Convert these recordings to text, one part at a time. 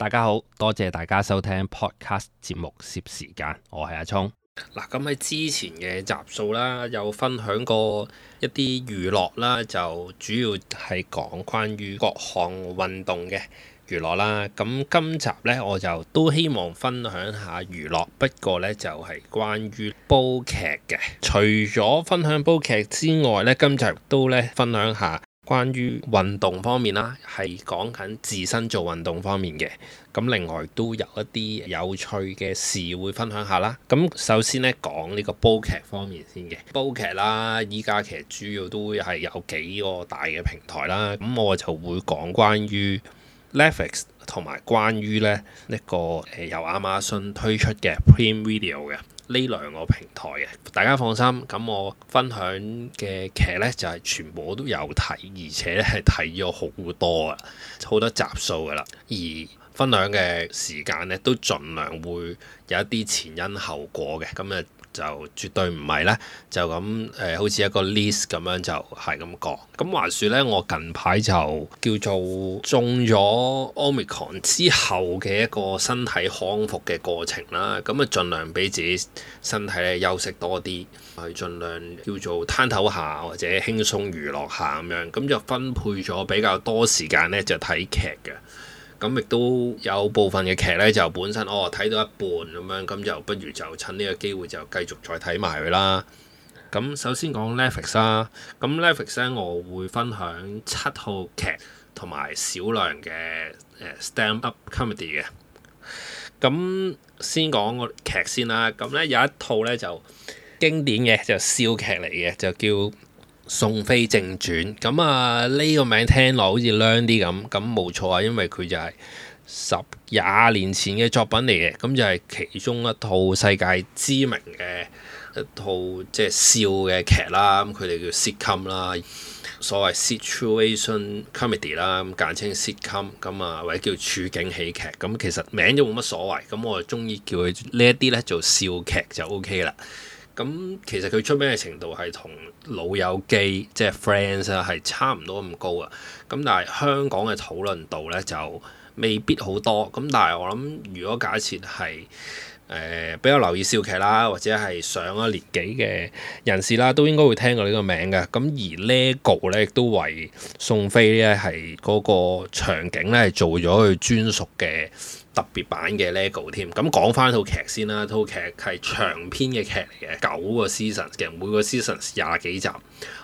大家好多謝大家收聽 podcast 節目攝時間，我係阿聰。嗱，咁喺之前嘅集數啦，有分享過一啲娛樂啦，就主要係講關於各項運動嘅娛樂啦。咁今集呢，我就都希望分享下娛樂，不過呢，就係關於煲劇嘅。除咗分享煲劇之外呢，今集都呢分享下。關於運動方面啦，係講緊自身做運動方面嘅。咁，另外都有一啲有趣嘅事會分享下啦。咁首先咧講，呢講個煲劇方面先嘅，煲劇啦，依家其實主要都係有幾個大嘅平台啦。咁我就會講關於 Netflix 同埋關於咧呢一個誒由亞馬遜推出嘅 Prime Video 嘅。呢兩個平台嘅，大家放心。咁我分享嘅劇呢，就係全部我都有睇，而且係睇咗好多啦，好多集數㗎喇。而分享嘅時間呢，都盡量會有一啲前因後果嘅。咁啊～就絕對唔係啦，就咁誒、呃，好似一個 list 咁樣就係咁講。咁話説呢，我近排就叫做中咗 Omicron 之後嘅一個身體康復嘅過程啦。咁啊，儘量俾自己身體咧休息多啲，係儘量叫做攤唞下或者輕鬆娛樂下咁樣。咁就分配咗比較多時間呢，就睇劇嘅。咁亦都有部分嘅劇咧，就本身哦睇到一半咁樣，咁就不如就趁呢個機會就繼續再睇埋佢啦。咁首先講 Netflix 啦、啊，咁 Netflix 咧，我會分享七套劇同埋少量嘅誒、uh, stand-up comedy 嘅。咁先講個劇先啦，咁咧有一套咧就經典嘅就是、笑劇嚟嘅，就叫。《宋飛正傳》咁、嗯、啊，呢、這個名聽落好似靚啲咁，咁、嗯、冇、嗯、錯啊，因為佢就係十廿年前嘅作品嚟嘅，咁、嗯、就係、是、其中一套世界知名嘅一套即係、就是、笑嘅劇啦。咁佢哋叫 sitcom 啦，所謂 situation comedy 啦、嗯，簡稱 sitcom，咁、嗯、啊或者叫處境喜劇。咁、嗯、其實名就冇乜所謂，咁、嗯、我就中意叫佢呢一啲咧做笑劇就 OK 啦。咁其實佢出名嘅程度係同老友記即係、就是、friends 啦係差唔多咁高啊，咁但係香港嘅討論度咧就未必好多。咁但係我諗，如果假設係誒比較留意笑劇啦，或者係上咗年紀嘅人士啦，都應該會聽過呢個名嘅。咁而 Lego 咧都為宋飛咧係嗰個場景咧係做咗佢專屬嘅。特別版嘅 Lego 添，咁講翻套劇先啦，套劇係長篇嘅劇嚟嘅，九個 season 嘅，每個 season 廿幾集，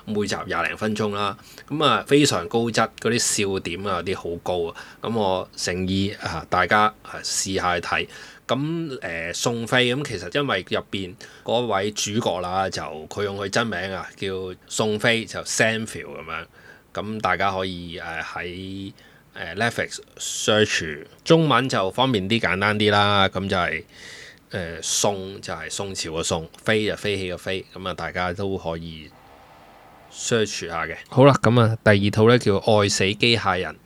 每集廿零分鐘啦，咁啊非常高質，嗰啲笑點啊有啲好高啊，咁我誠意啊大家試下睇，咁誒、呃、宋飛咁其實因為入邊嗰位主角啦，就佢用佢真名啊叫宋飛，就 Seinfeld 咁樣，咁大家可以誒喺。誒、uh, Netflix search 中文就方便啲簡單啲啦，咁就係、是、宋、呃、就係、是、宋朝嘅宋，飛就飛起嘅飛，咁啊大家都可以 search 下嘅。好啦，咁啊第二套咧叫愛死機械人。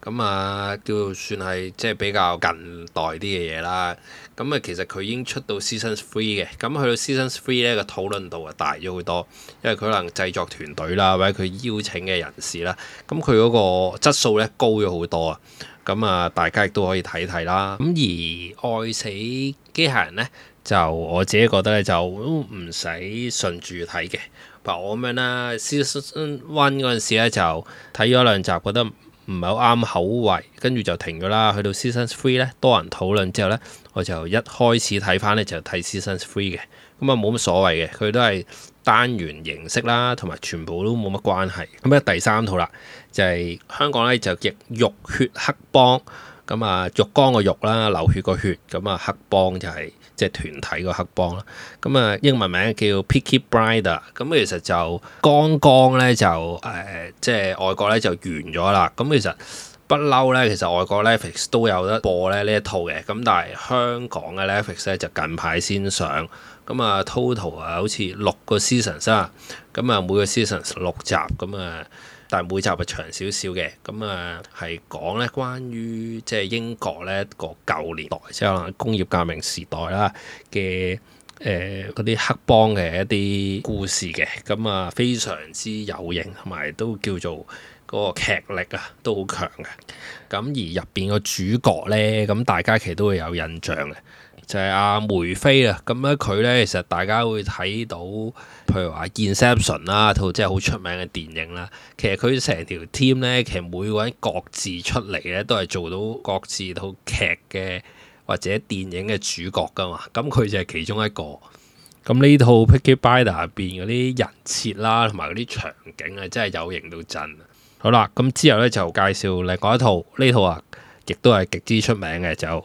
咁啊，叫算係即係比較近代啲嘅嘢啦。咁啊，其實佢已經出到 Season Three 嘅。咁去到 Season Three 咧，個討論度啊大咗好多，因為佢可能製作團隊啦，或者佢邀請嘅人士啦，咁佢嗰個質素咧高咗好多啊。咁啊，大家亦都可以睇睇啦。咁而《愛死機械人》咧，就我自己覺得咧，就唔使順住睇嘅。嗱，我咁樣啦，Season One 嗰陣時咧就睇咗兩集，覺得～唔係好啱口味，跟住就停咗啦。去到 Season Three 咧，多人討論之後咧，我就一開始睇翻咧就睇 Season Three 嘅，咁啊冇乜所謂嘅，佢都係單元形式啦，同埋全部都冇乜關係。咁啊第三套啦，就係、是、香港咧就叫肉血黑幫。咁啊，浴缸個浴啦，流血個血，咁啊，黑幫就係、是、即係團體個黑幫啦。咁啊，英文名叫 Peaky Blinders，咁其實就剛剛咧就誒、呃，即係外國咧就完咗啦。咁其實不嬲咧，其實外國 Netflix 都有得播咧呢一套嘅。咁但係香港嘅 Netflix 咧就近排先上。咁啊，Total 啊，好似六個 seasons 啊。咁啊，每個 seasons 六集。咁啊。但每集係長少少嘅，咁啊係講咧關於即係英國咧個舊年代，即可能工業革命時代啦嘅誒嗰啲黑幫嘅一啲故事嘅，咁啊非常之有型，同埋都叫做嗰個劇力啊都好強嘅。咁而入邊個主角咧，咁大家其實都會有印象嘅。就係阿梅菲呀，咁咧佢咧其實大家會睇到，譬如話《Inception》啦，套即係好出名嘅電影啦。其實佢成條 team 咧，其實每個人各自出嚟咧，都係做到各自套劇嘅或者電影嘅主角噶嘛。咁佢就係其中一個。咁呢套《Peaky Blinders》入邊嗰啲人設啦，同埋嗰啲場景啊，真係有型到震。好啦，咁之後咧就介紹另外一套，呢套啊亦都係極之出名嘅就。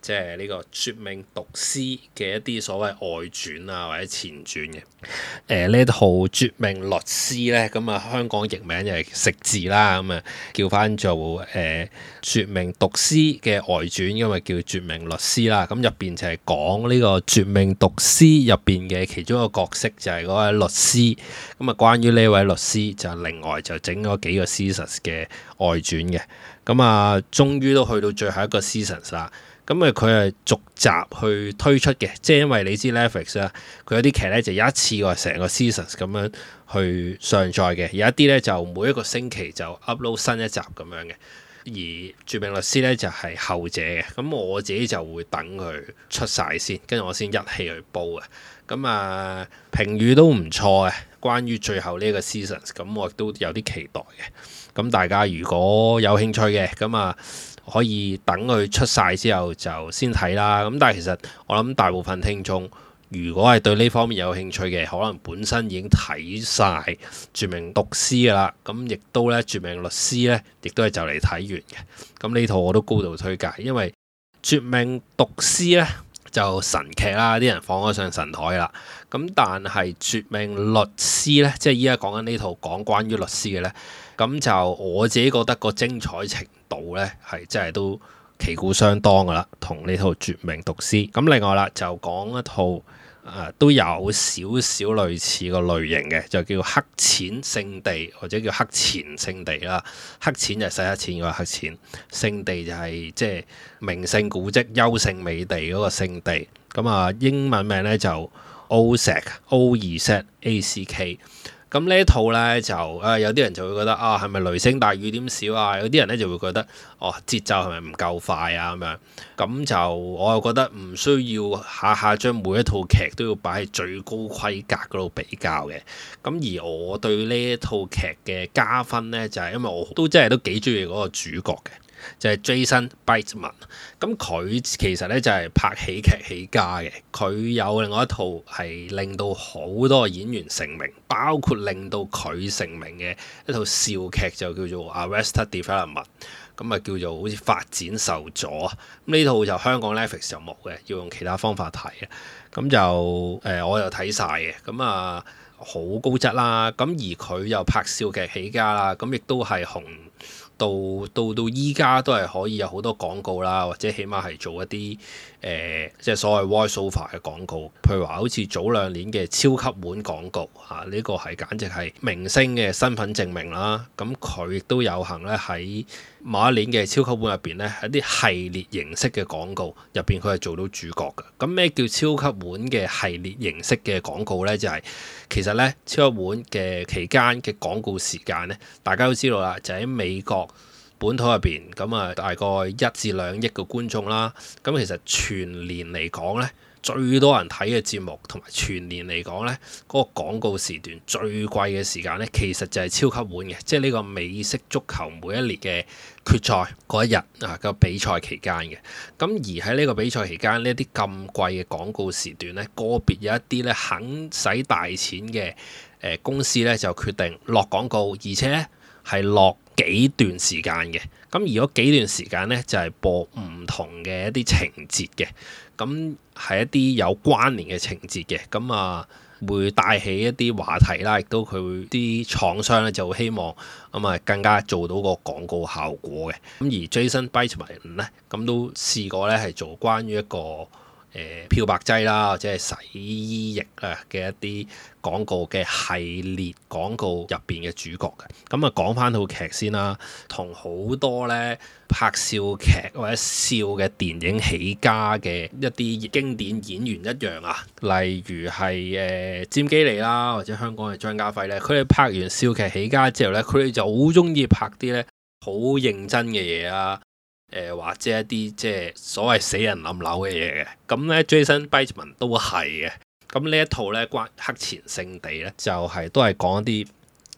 即係呢個絕命毒師嘅一啲所謂外傳啊或者前傳嘅，誒、呃、呢套絕命律師呢。咁、嗯、啊，香港譯名就係食字啦，咁、嗯、啊叫翻做誒、呃、絕命毒師嘅外傳，因、嗯、為叫絕命律師啦。咁入邊就係講呢個絕命毒師入邊嘅其中一個角色就係嗰位律師。咁、嗯、啊，關於呢位律師就另外就整咗幾個 season 嘅外傳嘅。咁、嗯、啊、嗯，終於都去到最後一個 season 啦。咁啊，佢係逐集去推出嘅，即係因為你知 Netflix 啦，佢有啲劇咧就一次過成個 seasons 咁樣去上載嘅，有一啲咧就每一個星期就 upload 新一集咁樣嘅。而絕命律師咧就係後者嘅，咁我自己就會等佢出晒先，跟住我先一氣去煲嘅。咁啊，評語都唔錯嘅，關於最後呢個 seasons，咁我都有啲期待嘅。咁大家如果有興趣嘅，咁啊～可以等佢出晒之後就先睇啦。咁但係其實我諗大部分聽眾如果係對呢方面有興趣嘅，可能本身已經睇晒《絕命毒師》啦。咁亦都咧《絕命律師》咧，亦都係就嚟睇完嘅。咁呢套我都高度推介，因為《絕命毒師》咧就神劇啦，啲人放咗上神台啦。咁但係《絕命律師》咧，即係依家講緊呢套講關於律師嘅咧，咁就我自己覺得個精彩情度咧係真係都旗鼓相當噶啦，同呢套《絕命毒師》。咁另外啦，就講一套啊，都有少少類似個類型嘅，就叫黑錢聖地或者叫黑錢聖地啦。黑錢就使黑錢，叫黑錢聖地就係即係名勝古蹟、優勝美地嗰個聖地。咁啊，英文名咧就 Ozark O 二 Set A c K。咁呢一套咧就，誒、呃、有啲人就會覺得啊，係咪雷聲大雨點少啊？有啲人咧就會覺得，哦，節奏係咪唔夠快啊咁樣？咁就我又覺得唔需要下下將每一套劇都要擺喺最高規格嗰度比較嘅。咁而我對呢一套劇嘅加分咧，就係、是、因為我都真係都幾中意嗰個主角嘅。就係 Jason Bateman，咁佢其實咧就係、是、拍喜劇起家嘅。佢有另外一套係令到好多演員成名，包括令到佢成名嘅一套笑劇就叫做《Arrested Development》，咁啊叫做好似發展受阻啊。咁呢套就香港 Netflix 就冇嘅，要用其他方法睇嘅。咁就誒、呃，我又睇晒嘅，咁啊好高質啦。咁而佢又拍笑劇起家啦，咁亦都係紅，到到到依家都係可以有好多廣告啦，或者起碼係做一啲誒、呃、即係所謂 voiceover 嘅廣告。譬如話好似早兩年嘅超級碗廣告，嚇、啊、呢、呢個係簡直係明星嘅身份證明啦。咁佢亦都有行咧喺某一年嘅超級碗入邊咧，喺啲系列形式嘅廣告入邊，佢係做到主角嘅。咁、啊、咩叫超級碗嘅系列形式嘅廣告咧？就係、是、其實咧，超級碗嘅期間嘅廣告時間咧，大家都知道啦，就喺美國。本土入邊咁啊，大概一至兩億個觀眾啦。咁其實全年嚟講呢，最多人睇嘅節目，同埋全年嚟講呢，嗰個廣告時段最貴嘅時間呢，其實就係超級碗嘅，即係呢個美式足球每一年嘅決賽嗰一日啊，個比賽期間嘅。咁而喺呢個比賽期間，呢啲咁貴嘅廣告時段呢，個別有一啲呢肯使大錢嘅公司呢，就決定落廣告，而且係落。幾段時間嘅，咁而嗰幾段時間呢，就係、是、播唔同嘅一啲情節嘅，咁係一啲有關聯嘅情節嘅，咁啊會帶起一啲話題啦，亦都佢啲廠商咧就希望咁啊、嗯、更加做到個廣告效果嘅，咁而 Jason Bateman 咧咁都試過咧係做關於一個。漂白劑啦，或者係洗衣液啊嘅一啲廣告嘅系列廣告入邊嘅主角嘅，咁啊講翻套劇先啦。同好多呢拍笑劇或者笑嘅電影起家嘅一啲經典演員一樣啊，例如係誒占基利啦，或者香港嘅張家輝呢，佢哋拍完笑劇起家之後呢，佢哋就好中意拍啲呢好認真嘅嘢啊。誒、呃、或者一啲即係所謂死人冧樓嘅嘢嘅，咁、嗯、咧 Jason Bateman 都係嘅。咁、嗯、呢一套咧關黑錢勝地咧就係、是、都係講一啲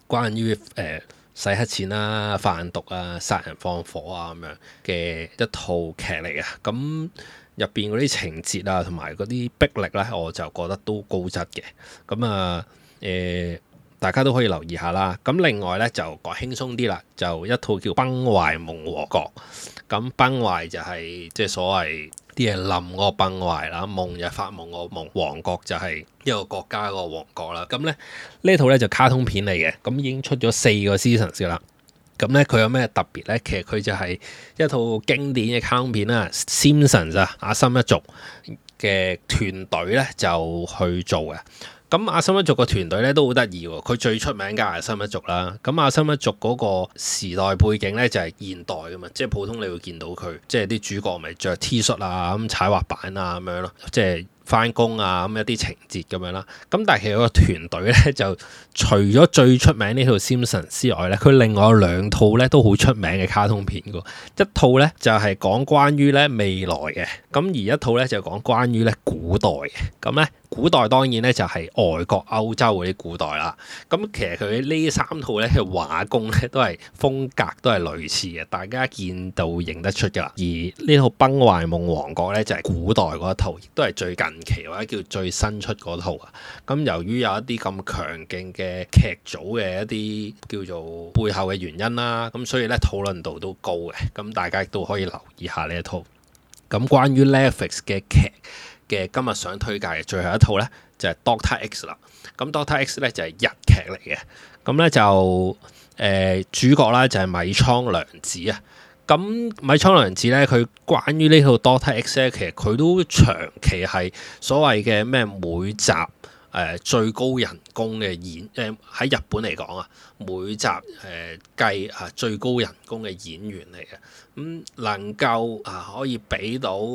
關於誒、呃、洗黑錢啦、啊、販毒啊、殺人放火啊咁樣嘅一套劇嚟嘅。咁入邊嗰啲情節啊同埋嗰啲逼力咧、啊，我就覺得都高質嘅。咁啊誒。呃呃大家都可以留意下啦。咁另外咧就講輕鬆啲啦，就一套叫《崩壞夢王國》。咁崩壞就係即係所謂啲嘢冧嗰個崩壞啦。夢就發夢個夢，王國就係一個國家個王國啦。咁咧呢套咧就是、卡通片嚟嘅。咁已經出咗四個 season 先啦。咁咧佢有咩特別咧？其實佢就係一套經典嘅卡通片啦。Simpsons 啊，阿森一族嘅團隊咧就去做嘅。咁阿森一族個團隊咧都好得意喎，佢最出名梗係阿森一族啦。咁阿森一族嗰個時代背景咧就係現代噶嘛，即係普通你會見到佢，即係啲主角咪着 T 恤啊，咁踩滑板啊咁樣咯，即係。翻工啊咁一啲情節咁樣啦，咁但係其實個團隊咧就除咗最出名呢套《Simpsons》之外咧，佢另外有兩套咧都好出名嘅卡通片噶，一套咧就係、是、講關於咧未來嘅，咁而一套咧就講關於咧古代嘅，咁咧古代當然咧就係外國歐洲嗰啲古代啦。咁其實佢呢三套咧嘅畫工咧都係風格都係類似嘅，大家見到認得出噶啦。而呢套《崩壞夢王國》咧就係、是、古代嗰一套，亦都係最近期或者叫最新出嗰套啊，咁由於有一啲咁強勁嘅劇組嘅一啲叫做背後嘅原因啦，咁所以咧討論度都高嘅，咁大家亦都可以留意下呢一套。咁關於 Netflix 嘅劇嘅今日想推介嘅最後一套咧，就係、是、Doctor X 啦。咁 Doctor X 咧就係日劇嚟嘅，咁咧就誒、呃、主角啦，就係米倉涼子啊。咁《米倉涼子呢》咧，佢關於呢套《Doctor X》咧，其實佢都長期係所謂嘅咩每集誒、呃、最高人工嘅演誒喺、呃、日本嚟講啊，每集誒、呃、計啊最高人工嘅演員嚟嘅，咁能夠啊可以俾到誒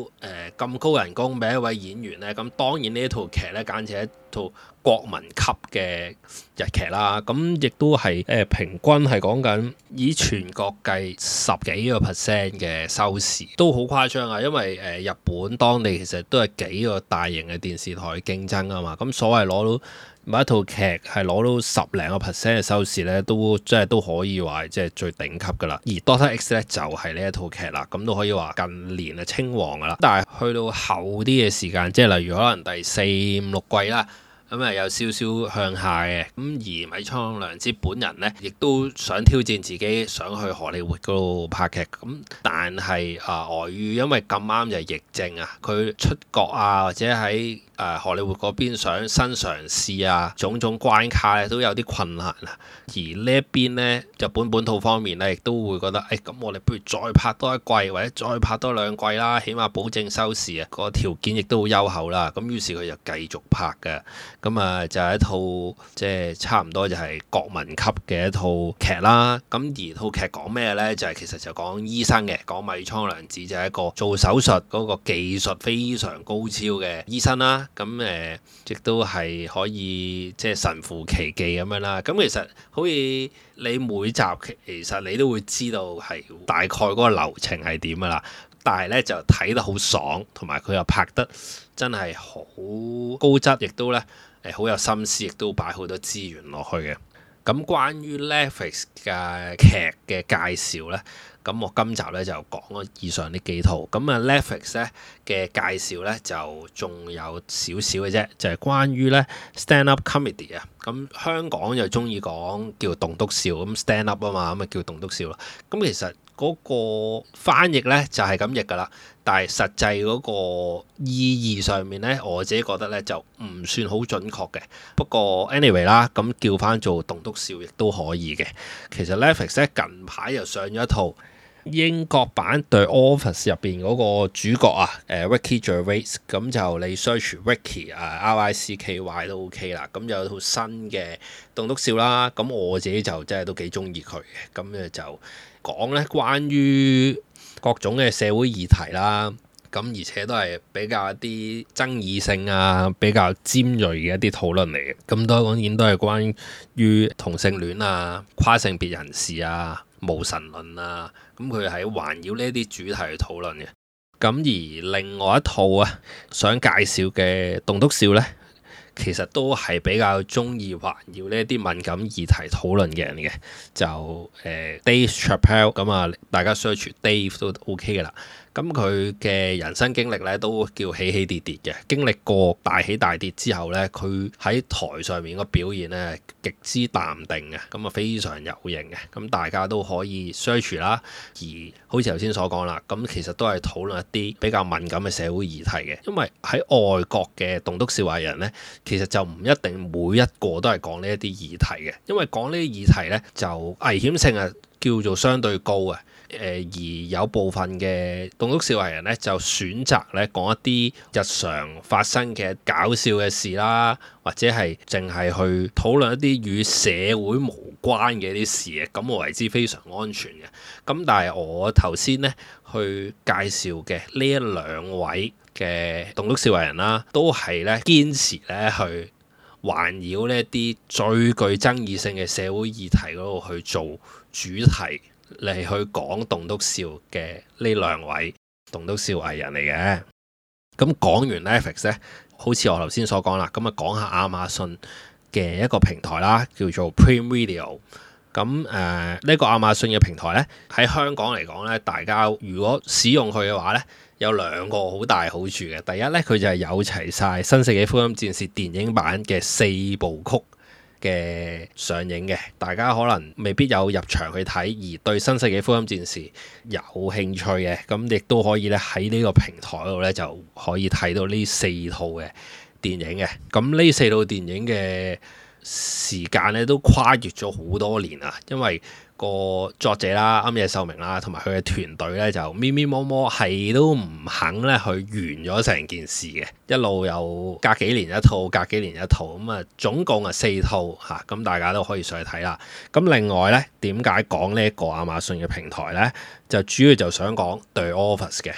咁、呃、高人工俾一位演員咧，咁當然呢套劇咧，簡直係～到國民級嘅日劇啦，咁亦都係誒、呃、平均係講緊以全國計十幾個 percent 嘅收視，都好誇張啊！因為誒、呃、日本當地其實都係幾個大型嘅電視台競爭啊嘛，咁、嗯、所謂攞到某一套劇係攞到十零個 percent 嘅收視呢，都即係都可以話即係最頂級噶啦。而 Doctor X 呢，就係、是、呢一套劇啦，咁都可以話近年啊青黃噶啦，但係去到後啲嘅時間，即係例如可能第四五六季啦。咁啊、嗯，有少少向下嘅，咁而米倉涼子本人咧，亦都想挑戰自己，想去荷里活嗰度拍劇。咁、嗯、但係啊，礙、呃、於、呃呃、因為咁啱就係疫症啊，佢出國啊，或者喺，誒荷里活嗰邊想新嘗試啊，種種關卡咧都有啲困難啦。而呢一邊咧，日本本土方面咧，亦都會覺得誒，咁、哎、我哋不如再拍多一季，或者再拍多兩季啦，起碼保證收視啊。個條件亦都好優厚啦。咁、啊、於是佢就繼續拍嘅。咁啊，就係、是、一套即係、就是、差唔多就係國民級嘅一套劇啦。咁、啊、而套劇講咩咧？就係、是、其實就講醫生嘅，講米倉涼子就係、是、一個做手術嗰個技術非常高超嘅醫生啦。咁誒，亦、嗯、都係可以即係神乎其技咁樣啦。咁其實好似你每集其實你都會知道係大概嗰個流程係點噶啦，但係咧就睇得好爽，同埋佢又拍得真係好高質，亦都咧誒好有心思，亦都擺好多資源落去嘅。咁、嗯、關於 Netflix 嘅劇嘅介紹咧。咁我今集咧就講咗以上呢幾套。咁啊 Netflix 咧嘅介紹咧就仲有少少嘅啫，就係關於咧 stand up comedy 啊，咁香港就中意講叫棟篤笑，咁 stand up 啊嘛，咁啊叫棟篤笑咯，咁其實嗰個翻譯咧就係咁譯噶啦。但係實際嗰個意義上面呢，我自己覺得呢就唔算好準確嘅。不過 anyway 啦，咁叫翻做棟篤笑亦都可以嘅。其實呢 Netflix 近排又上咗一套。英國版對 Office 入邊嗰個主角啊，誒 Ricky Gervais 咁就你 search Ricky 啊 R I C K Y 都 OK 啦。咁有套新嘅棟篤笑啦，咁我自己就真係都幾中意佢嘅。咁咧就講咧關於各種嘅社會議題啦，咁而且都係比較一啲爭議性啊，比較尖鋭嘅一啲討論嚟嘅。咁當然都係關於同性戀啊、跨性別人士啊。無神論啊，咁佢喺環繞呢啲主題去討論嘅，咁而另外一套啊，想介紹嘅棟篤笑呢，其實都係比較中意環繞呢啲敏感議題討論嘅人嘅，就誒、呃、Dave Chappelle，咁啊大家 search Dave 都 OK 嘅啦。咁佢嘅人生經歷咧都叫起起跌跌嘅，經歷過大起大跌之後咧，佢喺台上面個表現咧極之淡定嘅，咁啊非常有型嘅，咁大家都可以相 e 啦。而好似頭先所講啦，咁其實都係討論一啲比較敏感嘅社會議題嘅，因為喺外國嘅棟篤笑話人咧，其實就唔一定每一個都係講呢一啲議題嘅，因為講呢啲議題咧就危險性啊叫做相對高嘅。誒而有部分嘅棟篤笑藝人咧，就選擇咧講一啲日常發生嘅搞笑嘅事啦，或者係淨係去討論一啲與社會無關嘅啲事嘅，咁我為之非常安全嘅。咁但係我頭先咧去介紹嘅呢一兩位嘅棟篤笑藝人啦，都係咧堅持咧去環繞呢一啲最具爭議性嘅社會議題嗰度去做主題。嚟去講棟篤笑嘅呢兩位棟篤笑藝人嚟嘅，咁講完 Netflix 咧，好似我頭先所講啦，咁啊講下亞馬遜嘅一個平台啦，叫做 Prime Video。咁誒呢個亞馬遜嘅平台咧，喺香港嚟講咧，大家如果使用佢嘅話咧，有兩個好大好處嘅。第一咧，佢就係有齊晒《新世紀福音戰士》電影版嘅四部曲。嘅上映嘅，大家可能未必有入場去睇，而對新世紀福音戰士有興趣嘅，咁亦都可以咧喺呢個平台度咧就可以睇到呢四套嘅電影嘅。咁呢四套電影嘅時間咧都跨越咗好多年啊，因為。個作者啦，庵野秀明啦，同埋佢嘅團隊咧就咪咪摸摸係都唔肯咧去完咗成件事嘅，一路有隔幾年一套，隔幾年一套，咁啊總共係四套吓，咁大家都可以上去睇啦。咁另外咧，點解講呢一個亞馬遜嘅平台咧，就主要想、嗯、就想講《The Office》嘅，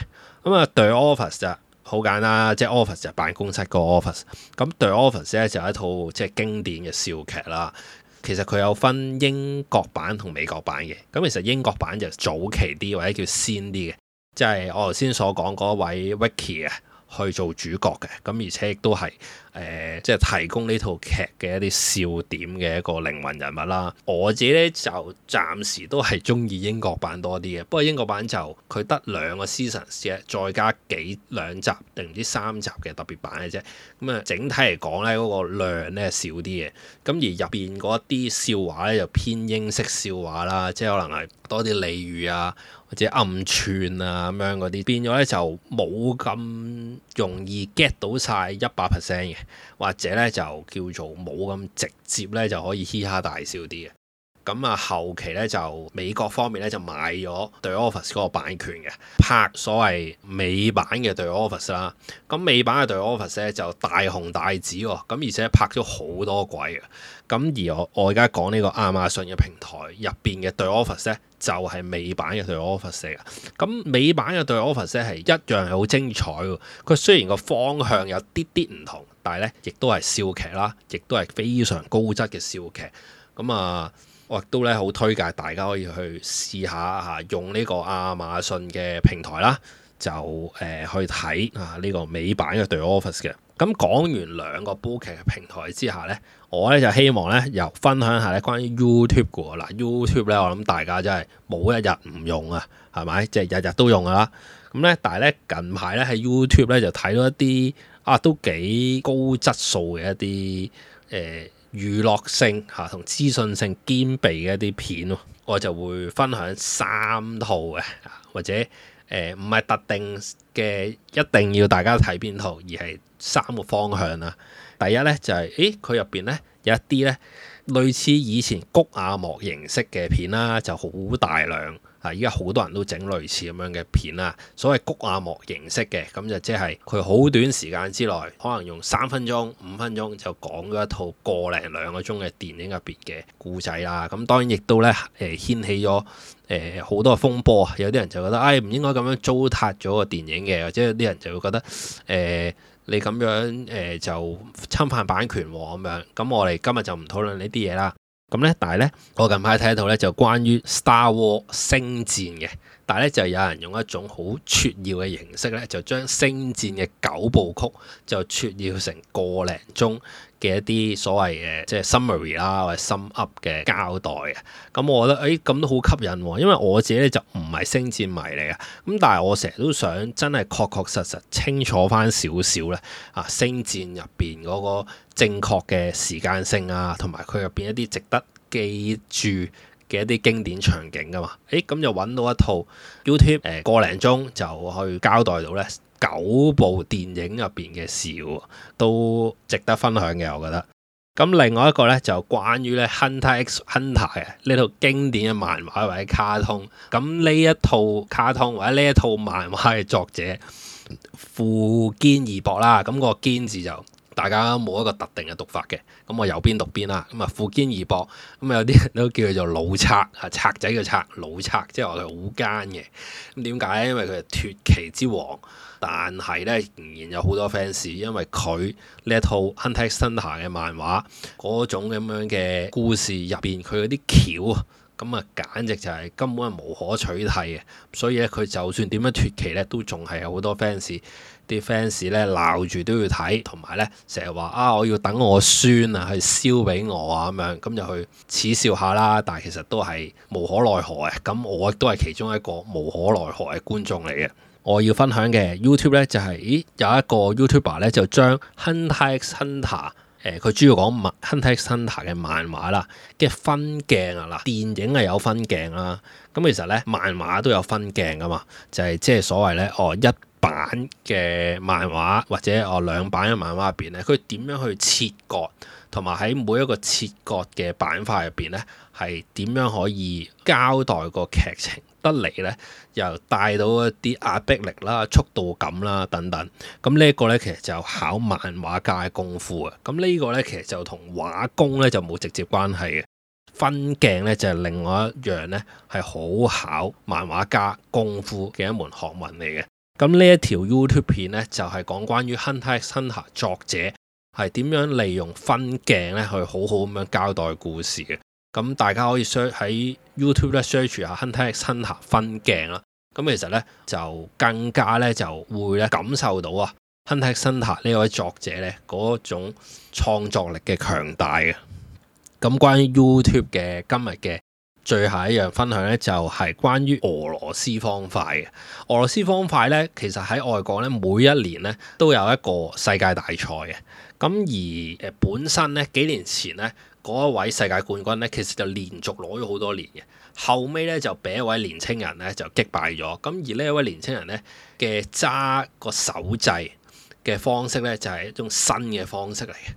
咁啊《The Office》就好簡單，即係 Office 就，是、Office 就辦公室個 Office、嗯、Office，咁《The Office》咧就一套即係、就是、經典嘅笑劇啦。其實佢有分英國版同美國版嘅，咁其實英國版就早期啲或者叫先啲嘅，即係我頭先所講嗰位 Vicky 啊。去做主角嘅，咁而且亦都係誒，即係提供呢套劇嘅一啲笑點嘅一個靈魂人物啦。我自己咧就暫時都係中意英國版多啲嘅，不過英國版就佢得兩個 season 再加幾兩集定唔知三集嘅特別版嘅啫。咁、嗯、啊，整體嚟講咧，嗰、嗰個量咧少啲嘅。咁而入邊嗰一啲笑話咧，就偏英式笑話啦，即係可能係多啲俚語啊。或者暗串啊咁樣嗰啲，變咗咧就冇咁容易 get 到晒一百 percent 嘅，或者咧就叫做冇咁直接咧就可以嘻哈大笑啲嘅。咁啊，後期咧就美國方面咧就買咗 The Office，嗰個版權嘅，拍所謂美版嘅 The Office 啦。咁美版嘅 The Office 咧就大紅大紫喎。咁而且拍咗好多鬼嘅。咁而我我而家講呢個亞馬遜嘅平台入邊嘅 The Office 咧就係美版嘅 The Office 啊。咁美版嘅 The Office 係一樣係好精彩嘅。佢雖然個方向有啲啲唔同，但係咧亦都係笑劇啦，亦都係非常高質嘅笑劇。咁啊～我亦都咧好推介大家可以去試下嚇，用呢個亞馬遜嘅平台啦，就誒、呃、去睇啊呢、這個美版嘅 The Office 嘅。咁、啊、講完兩個 book 劇、er、嘅平台之下呢，我呢就希望呢又分享下呢關於 YouTube 噶嗱 YouTube 呢我諗大家真係冇一日唔用，就是、用啊，係咪？即係日日都用㗎喇！咁呢，但係呢近排呢喺 YouTube 呢就睇到一啲啊都幾高質素嘅一啲誒。娛樂性嚇同資訊性兼備嘅一啲片，我就會分享三套嘅，或者呃、唔係、特定嘅一定要大家睇邊套，而係三個方向啦。第一呢，就係、是，誒佢入邊呢，有一啲呢類似以前谷亞莫形式嘅片啦，就好大量。啊！依家好多人都整類似咁樣嘅片啦，所謂谷阿莫形式嘅，咁就即係佢好短時間之內，可能用三分鐘、五分鐘就講咗一套一個零兩個鐘嘅電影入邊嘅故仔啦。咁當然亦都咧誒掀起咗誒好多風波。有啲人就覺得，唉、哎、唔應該咁樣糟蹋咗個電影嘅，或者有啲人就會覺得誒、呃、你咁樣誒、呃、就侵犯版權喎咁樣。咁我哋今日就唔討論呢啲嘢啦。咁咧，但係咧，我近排睇一套咧，就關於《Star Wars》星戰嘅。但係咧就有人用一種好撮要嘅形式咧，就將《星戰》嘅九部曲就撮要成個零鐘嘅一啲所謂誒，即係 summary 啦，或者 sum up 嘅交代嘅。咁、嗯、我覺得誒咁、哎、都好吸引，哦，因為我自己咧就唔係星戰迷嚟嘅。咁但係我成日都想真係確確實實清楚翻少少咧啊，《星戰》入邊嗰個正確嘅時間性啊，同埋佢入邊一啲值得記住嘅一啲經典場景噶嘛，誒咁就揾到一套 YouTube 誒、呃、個零鐘就去交代到呢九部電影入邊嘅事，都值得分享嘅，我覺得。咁另外一個呢就關於呢《Hunter X Hunter》呢套經典嘅漫畫或者卡通，咁呢一套卡通或者呢一套漫畫嘅作者富堅義博啦，咁、個堅字就，大家冇一個特定嘅讀法嘅，咁我由邊讀邊啦。咁啊，富堅義博，咁啊有啲人都叫佢做老賊，係賊仔嘅賊，老賊，即係話佢好奸嘅。咁點解咧？因為佢係脱奇之王，但係咧仍然有好多 fans，因為佢呢一套 Hunter X Hunter 嘅漫畫嗰種咁樣嘅故事入邊，佢嗰啲橋啊，咁啊簡直就係根本係無可取替嘅。所以咧，佢就算點樣脱奇咧，都仲係有好多 fans。啲 fans 咧鬧住都要睇，同埋咧成日話啊，我要等我孫啊去燒俾我啊咁樣，咁就去恥笑下啦。但係其實都係無可奈何嘅。咁我亦都係其中一個無可奈何嘅觀眾嚟嘅。我要分享嘅 YouTube 咧就係、是，咦有一個 YouTuber 咧就將 Hunter X Hunter、呃、誒，佢主要講 Hunter X Hunter 嘅漫畫啦，跟住分鏡啊啦，電影係有分鏡啦。咁其實咧漫畫都有分鏡噶嘛，就係、是、即係所謂咧哦一版嘅漫畫或者我兩版嘅漫畫入邊咧，佢點樣去切割，同埋喺每一個切割嘅版塊入邊咧，係點樣可以交代個劇情得嚟咧，又帶到一啲壓迫力啦、速度感啦等等。咁呢一個咧，其實就考漫畫家嘅功夫啊。咁呢個咧，其實就同畫工咧就冇直接關係嘅。分鏡咧就係、是、另外一樣咧，係好考漫畫家功夫嘅一門學問嚟嘅。咁呢一條 YouTube 片咧，就係、是、講關於 Hunter X Hunter 作者係點樣利用分鏡咧，去好好咁樣交代故事嘅。咁大家可以 search 喺 YouTube 咧 search 下 Hunter X Hunter 分鏡啦。咁其實咧就更加咧就會咧感受到啊 Hunter X Hunter 呢位作者咧嗰種創作力嘅強大嘅。咁關於 YouTube 嘅今日嘅。最後一樣分享咧，就係關於俄羅斯方塊嘅。俄羅斯方塊咧，其實喺外國咧，每一年咧都有一個世界大賽嘅。咁而誒本身咧，幾年前咧，嗰一位世界冠軍咧，其實就連續攞咗好多年嘅。後尾咧就畀一位年青人咧就擊敗咗。咁而呢一位年青人咧嘅揸個手掣嘅方式咧，就係一種新嘅方式嚟嘅。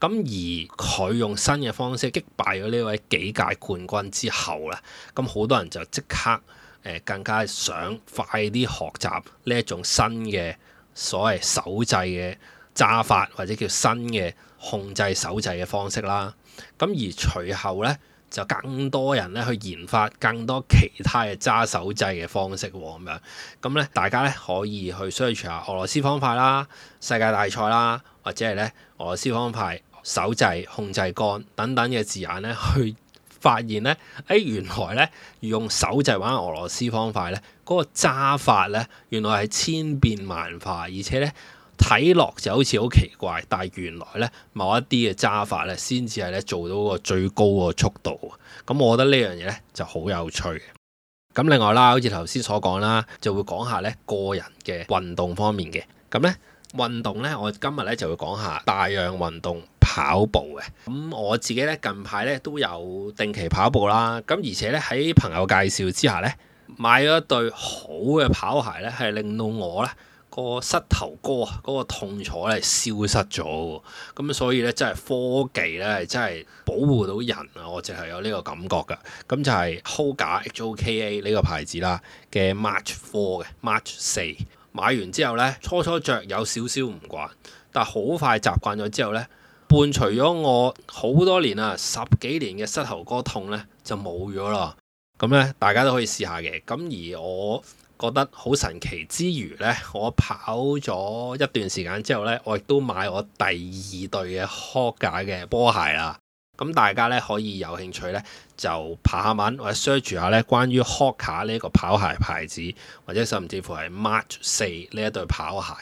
咁而佢用新嘅方式擊敗咗呢位幾屆冠軍之後咧，咁好多人就即刻誒、呃、更加想快啲學習呢一種新嘅所謂手制嘅揸法，或者叫新嘅控制手制嘅方式啦。咁而隨後咧，就更多人咧去研發更多其他嘅揸手制嘅方式咁樣咁咧，大家咧可以去 search 下俄羅斯方塊啦，世界大賽啦，或者係咧俄羅斯方塊。手掣、控制杆等等嘅字眼咧，去發現咧，哎，原來咧用手掣玩俄羅斯方塊咧，嗰、那個揸法咧，原來係千變萬化，而且咧睇落就好似好奇怪，但係原來咧某一啲嘅揸法咧，先至係咧做到個最高個速度。咁我覺得呢樣嘢咧就好有趣。咁另外啦，好似頭先所講啦，就會講下咧個人嘅運動方面嘅。咁咧運動咧，我今日咧就會講下大量運動。跑步嘅咁、嗯、我自己咧近排咧都有定期跑步啦。咁而且咧喺朋友介紹之下咧買咗對好嘅跑鞋咧，係令到我咧個膝頭哥啊嗰、嗰個痛楚咧消失咗。咁、嗯、所以咧真係科技咧係真係保護到人啊！我淨係有呢個感覺噶。咁就係 Hoka Hoka 呢個牌子啦嘅 Match Four 嘅 Match 四，買完之後咧，初初着有少少唔慣，但好快習慣咗之後咧。伴隨咗我好多年啦，十幾年嘅膝頭哥痛咧就冇咗啦。咁咧大家都可以試下嘅。咁而我覺得好神奇之餘咧，我跑咗一段時間之後咧，我亦都買我第二對嘅 Hoka 嘅波鞋啦。咁大家咧可以有興趣咧，就爬下文或者 search 下咧，關於 Hoka 呢個跑鞋牌子，或者甚至乎係 m a t c h 四呢一對跑鞋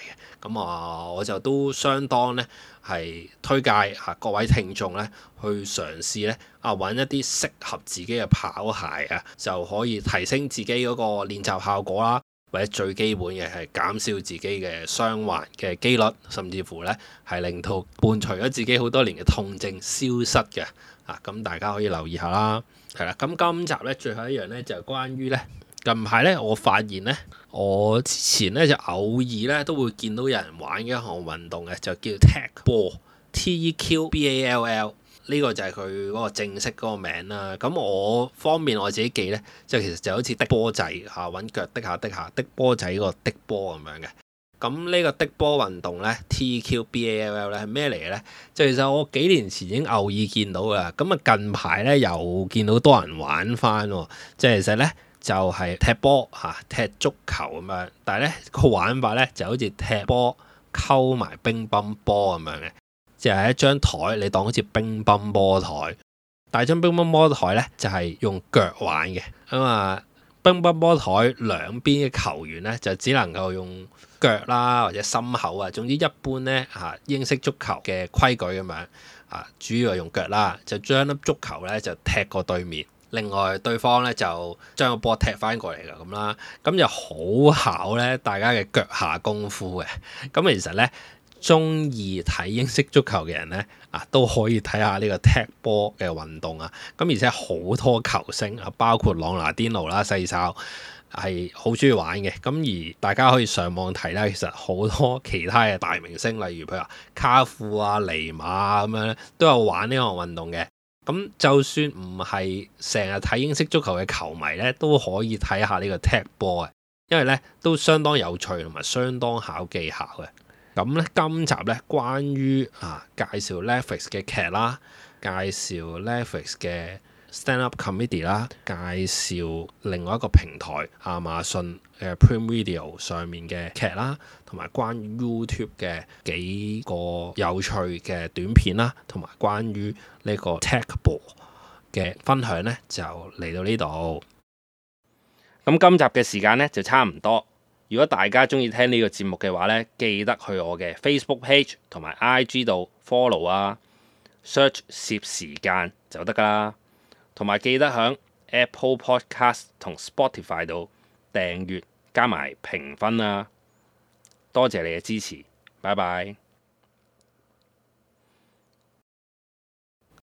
咁啊，我就都相當咧係推介嚇各位聽眾咧去嘗試咧啊，揾一啲適合自己嘅跑鞋啊，就可以提升自己嗰個練習效果啦。最基本嘅係減少自己嘅傷患嘅機率，甚至乎咧係令到伴隨咗自己好多年嘅痛症消失嘅啊！咁大家可以留意下啦，係啦。咁今集咧最後一樣咧就係關於咧近排咧我發現咧，我之前咧就偶爾咧都會見到有人玩嘅一項運動嘅就叫踢波 T E Q B A L L。L 呢個就係佢嗰個正式嗰個名啦。咁我方面我自己記呢，即係其實就好似滴波仔嚇，揾腳滴下滴下滴波仔個滴波咁樣嘅。咁呢個滴波運動呢，TQBALL 咧係咩嚟嘅呢？即係其實我幾年前已經偶爾見到噶。咁啊近排呢，又見到多人玩翻，即係其實呢，就係踢波嚇、踢足球咁樣。但係呢個玩法呢，就好似踢波溝埋乒乓波咁樣嘅。就係一張台，你當好似乒乓波台，但係張乒乓波台咧就係用腳玩嘅咁啊！乒乓波台兩邊嘅球員咧就只能夠用腳啦，或者心口啊，總之一般咧嚇英式足球嘅規矩咁樣啊，主要係用腳啦，就將粒足球咧就踢過對面，另外對方咧就將個波踢翻過嚟噶咁啦，咁就好考咧大家嘅腳下功夫嘅，咁其實咧。中意睇英式足球嘅人呢，啊都可以睇下呢個踢波嘅運動啊。咁而且好多球星啊，包括朗拿甸奴啦、細哨係好中意玩嘅。咁而大家可以上網睇啦。其實好多其他嘅大明星，例如譬如話卡富啊、尼馬啊咁樣咧，都有玩呢項運動嘅。咁就算唔係成日睇英式足球嘅球迷呢，都可以睇下呢個踢波啊，因為呢都相當有趣同埋相當考技巧嘅。咁咧，今集咧，關於啊介紹 Netflix 嘅劇啦，介紹 Netflix 嘅 stand up comedy 啦，介紹另外一個平台亞馬遜 Prime Video 上面嘅劇啦，同埋關於 YouTube 嘅幾個有趣嘅短片啦，同埋關於呢個踢波嘅分享咧，就嚟到呢度。咁今集嘅時間咧就差唔多，如果大家中意聽呢個節目嘅話呢，記得去我嘅 Facebook page 同埋 IG 度 follow 啊，search 攝時間就得㗎啦。同埋記得響 Apple Podcast 同 Spotify 度訂閱加埋評分啊！多謝你嘅支持，拜拜。